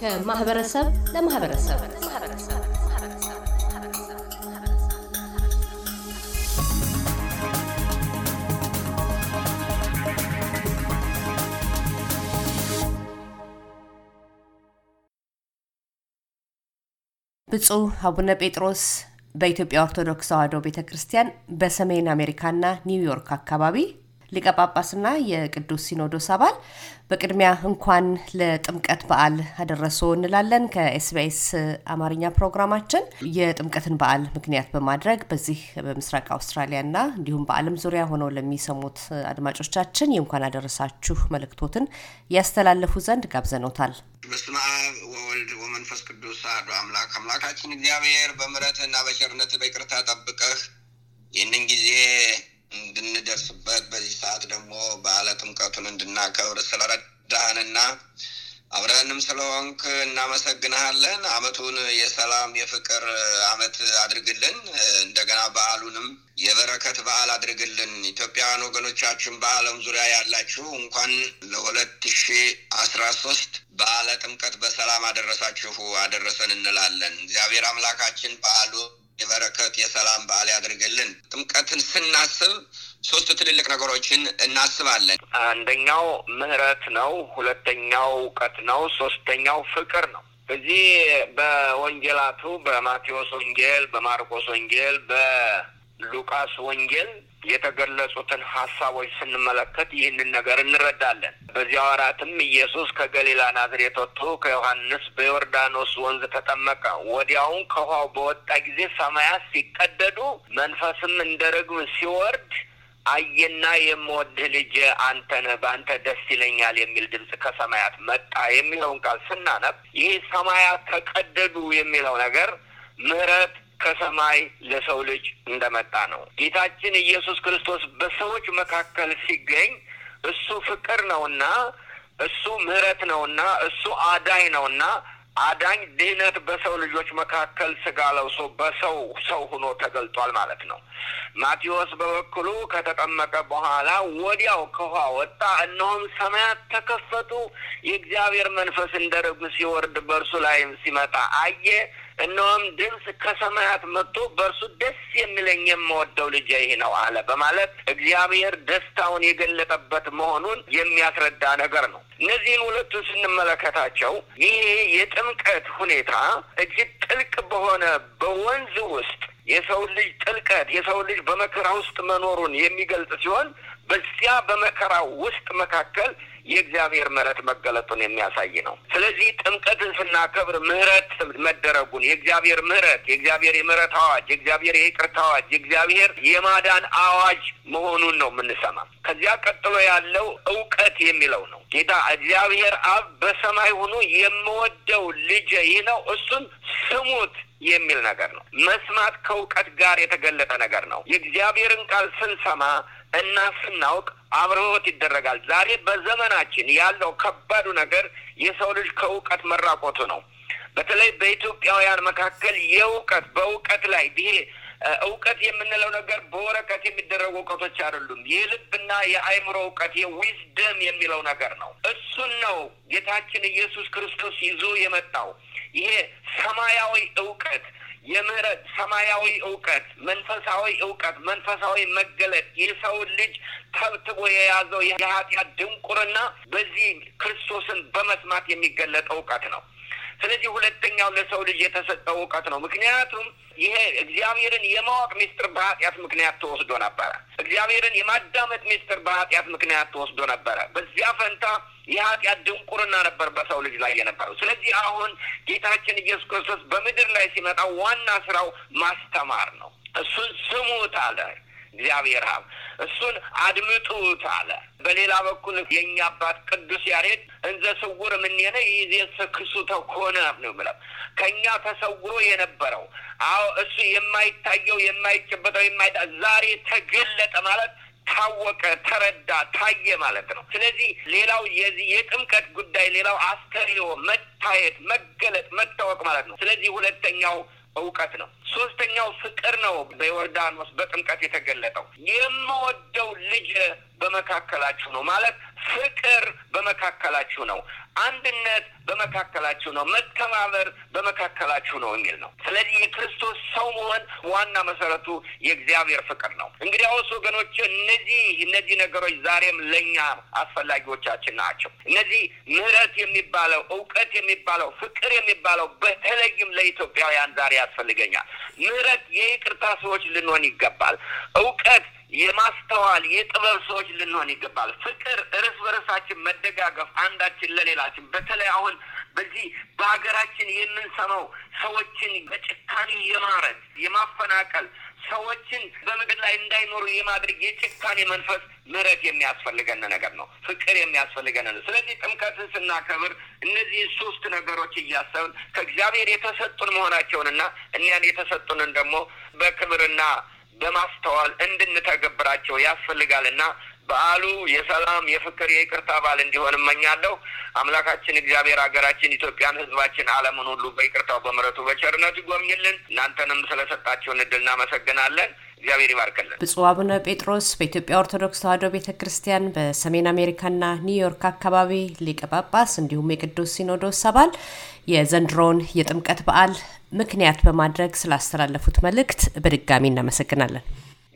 ከማህበረሰብ ለማህበረሰብ ብፁ አቡነ ጴጥሮስ በኢትዮጵያ ኦርቶዶክስ ተዋሕዶ ቤተ ክርስቲያን በሰሜን አሜሪካና ኒውዮርክ አካባቢ ሊቀ ጳጳስና የቅዱስ ሲኖዶስ አባል በቅድሚያ እንኳን ለጥምቀት በዓል አደረሶ እንላለን። ከኤስቢኤስ አማርኛ ፕሮግራማችን የጥምቀትን በዓል ምክንያት በማድረግ በዚህ በምስራቅ አውስትራሊያና እንዲሁም በዓለም ዙሪያ ሆነው ለሚሰሙት አድማጮቻችን የእንኳን አደረሳችሁ መልእክቶትን ያስተላለፉ ዘንድ ጋብዘኖታል። በስመ ወልድ ወመንፈስ ቅዱስ አሐዱ አምላክ አምላካችን እግዚአብሔር በምሕረትህና በቸርነት በይቅርታ ጠብቀህ ይህንን ጊዜ እንድንደርስበት በዚህ ሰዓት ደግሞ በዓለ ጥምቀቱን እንድናከብር ስለረዳህንና አብረንም ስለሆንክ እናመሰግንሃለን። አመቱን የሰላም የፍቅር አመት አድርግልን። እንደገና በዓሉንም የበረከት በዓል አድርግልን። ኢትዮጵያውያን ወገኖቻችን በዓለም ዙሪያ ያላችሁ እንኳን ለሁለት ሺ አስራ ሶስት በዓለ ጥምቀት በሰላም አደረሳችሁ አደረሰን እንላለን። እግዚአብሔር አምላካችን በዓሉ የበረከት የሰላም በዓል ያድርግልን። ጥምቀትን ስናስብ ሶስት ትልልቅ ነገሮችን እናስባለን። አንደኛው ምህረት ነው። ሁለተኛው እውቀት ነው። ሶስተኛው ፍቅር ነው። በዚህ በወንጌላቱ በማቴዎስ ወንጌል፣ በማርቆስ ወንጌል፣ በሉቃስ ወንጌል የተገለጹትን ሀሳቦች ስንመለከት ይህንን ነገር እንረዳለን። በዚያ ወራትም ኢየሱስ ከገሊላ ናዝሬት ወጥቶ ከዮሐንስ በዮርዳኖስ ወንዝ ተጠመቀ። ወዲያውም ከውሃው በወጣ ጊዜ ሰማያት ሲቀደዱ፣ መንፈስም እንደ ርግብ ሲወርድ አየና የምወድህ ልጅ አንተነህ በአንተ ደስ ይለኛል የሚል ድምፅ ከሰማያት መጣ የሚለውን ቃል ስናነብ ይህ ሰማያት ተቀደዱ የሚለው ነገር ምህረት ከሰማይ ለሰው ልጅ እንደመጣ ነው። ጌታችን ኢየሱስ ክርስቶስ በሰዎች መካከል ሲገኝ እሱ ፍቅር ነውና፣ እሱ ምህረት ነውና፣ እሱ አዳኝ ነውና አዳኝ ድህነት በሰው ልጆች መካከል ስጋ ለብሶ በሰው ሰው ሆኖ ተገልጧል ማለት ነው። ማቴዎስ በበኩሉ ከተጠመቀ በኋላ ወዲያው ከውሃ ወጣ፣ እነሆም ሰማያት ተከፈቱ፣ የእግዚአብሔር መንፈስ እንደ ርግብ ሲወርድ በእርሱ ላይም ሲመጣ አየ። እነሆም ድምፅ ከሰማያት መጥቶ በእርሱ ደስ የሚለኝ የምወደው ልጄ ይህ ነው አለ በማለት እግዚአብሔር ደስታውን የገለጠበት መሆኑን የሚያስረዳ ነገር ነው። እነዚህን ሁለቱን ስንመለከታቸው ይሄ የጥምቀት ሁኔታ እጅግ ጥልቅ በሆነ በወንዝ ውስጥ የሰው ልጅ ጥልቀት የሰው ልጅ በመከራ ውስጥ መኖሩን የሚገልጽ ሲሆን በዚያ በመከራ ውስጥ መካከል የእግዚአብሔር ምሕረት መገለጡን የሚያሳይ ነው። ስለዚህ ጥምቀትን ስናከብር ምሕረት መደረጉን የእግዚአብሔር ምሕረት የእግዚአብሔር የምሕረት አዋጅ የእግዚአብሔር የይቅርታ አዋጅ የእግዚአብሔር የማዳን አዋጅ መሆኑን ነው የምንሰማ። ከዚያ ቀጥሎ ያለው እውቀት የሚለው ነው። ጌታ እግዚአብሔር አብ በሰማይ ሆኖ የምወደው ልጄ ይህ ነው እሱን ስሙት የሚል ነገር ነው። መስማት ከእውቀት ጋር የተገለጠ ነገር ነው። የእግዚአብሔርን ቃል ስንሰማ እና ስናውቅ አብርሆት ይደረጋል። ዛሬ በዘመናችን ያለው ከባዱ ነገር የሰው ልጅ ከእውቀት መራቆቱ ነው። በተለይ በኢትዮጵያውያን መካከል የእውቀት በእውቀት ላይ ይሄ እውቀት የምንለው ነገር በወረቀት የሚደረጉ እውቀቶች አይደሉም። የልብና የአእምሮ እውቀት የዊዝደም የሚለው ነገር ነው። እሱን ነው ጌታችን ኢየሱስ ክርስቶስ ይዞ የመጣው ይሄ ሰማያዊ እውቀት የምህረት ሰማያዊ እውቀት፣ መንፈሳዊ እውቀት፣ መንፈሳዊ መገለጥ የሰውን ልጅ ተብትቦ የያዘው የኃጢአት ድንቁርና በዚህ ክርስቶስን በመስማት የሚገለጥ እውቀት ነው። ስለዚህ ሁለተኛው ለሰው ልጅ የተሰጠው እውቀት ነው። ምክንያቱም ይሄ እግዚአብሔርን የማወቅ ሚስጥር በኃጢአት ምክንያት ተወስዶ ነበረ። እግዚአብሔርን የማዳመጥ ሚስጥር በኃጢአት ምክንያት ተወስዶ ነበረ። በዚያ ፈንታ የኃጢአት ድንቁርና ነበር በሰው ልጅ ላይ የነበረው። ስለዚህ አሁን ጌታችን ኢየሱስ ክርስቶስ በምድር ላይ ሲመጣ ዋና ስራው ማስተማር ነው። እሱን ስሙት አለ። እግዚአብሔር ሀብ እሱን አድምጡት አለ። በሌላ በኩል የእኛ አባት ቅዱስ ያሬድ እንዘ ስውር እምኔነ ይእዜሰ ክሱተ ኮነ ነው ምለው ከእኛ ተሰውሮ የነበረው አዎ እሱ የማይታየው የማይጨበጠው የማይጣ ዛሬ ተገለጠ ማለት ታወቀ፣ ተረዳ፣ ታየ ማለት ነው። ስለዚህ ሌላው የዚህ የጥምቀት ጉዳይ ሌላው አስተሪዮ መታየት፣ መገለጥ፣ መታወቅ ማለት ነው። ስለዚህ ሁለተኛው እውቀት ነው። ሶስተኛው ፍቅር ነው። በዮርዳኖስ በጥምቀት የተገለጠው የምወደው ልጅ በመካከላችሁ ነው ማለት ፍቅር በመካከላችሁ ነው። አንድነት በመካከላችሁ ነው፣ መተባበር በመካከላችሁ ነው የሚል ነው። ስለዚህ የክርስቶስ ሰው መሆን ዋና መሰረቱ የእግዚአብሔር ፍቅር ነው። እንግዲያውስ ወገኖች እነዚህ እነዚህ ነገሮች ዛሬም ለእኛ አስፈላጊዎቻችን ናቸው። እነዚህ ምሕረት የሚባለው እውቀት የሚባለው ፍቅር የሚባለው በተለይም ለኢትዮጵያውያን ዛሬ ያስፈልገኛል። ምሕረት የይቅርታ ሰዎች ልንሆን ይገባል። እውቀት የማስተዋል የጥበብ ሰዎች ልንሆን ይገባል። ፍቅር እርስ በርሳችን መደጋገፍ፣ አንዳችን ለሌላ የለላችሁም። በተለይ አሁን በዚህ በሀገራችን የምንሰማው ሰዎችን በጭካኔ የማረት የማፈናቀል ሰዎችን በምድር ላይ እንዳይኖሩ የማድረግ የጭካኔ መንፈስ ምረት የሚያስፈልገን ነገር ነው። ፍቅር የሚያስፈልገን ነው። ስለዚህ ጥምቀትን ስናከብር እነዚህ ሶስት ነገሮች እያሰብን ከእግዚአብሔር የተሰጡን መሆናቸውንና እኒያን የተሰጡንን ደግሞ በክብርና በማስተዋል እንድንተገብራቸው ያስፈልጋልና በዓሉ የሰላም የፍቅር፣ የይቅርታ በዓል እንዲሆን እመኛለሁ። አምላካችን እግዚአብሔር ሀገራችን ኢትዮጵያን፣ ህዝባችን ዓለምን ሁሉ በይቅርታው በምረቱ በቸርነቱ ይጎብኝልን። እናንተንም ስለሰጣችሁን እድል እናመሰግናለን። እግዚአብሔር ይባርክልን። ብፁዕ አቡነ ጴጥሮስ በኢትዮጵያ ኦርቶዶክስ ተዋሕዶ ቤተ ክርስቲያን በሰሜን አሜሪካና ኒውዮርክ አካባቢ ሊቀ ጳጳስ እንዲሁም የቅዱስ ሲኖዶስ አባል የዘንድሮውን የጥምቀት በዓል ምክንያት በማድረግ ስላስተላለፉት መልእክት በድጋሚ እናመሰግናለን።